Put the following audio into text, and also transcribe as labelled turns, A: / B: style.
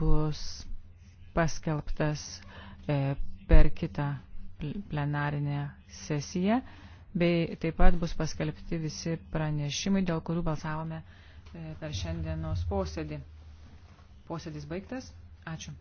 A: bus paskelbtas e, per kitą plenarinę sesiją, bei taip pat bus paskelbti visi pranešimai, dėl kurių balsavome
B: e, per šiandienos posėdį. Posėdis
C: baigtas.
D: Ačiū.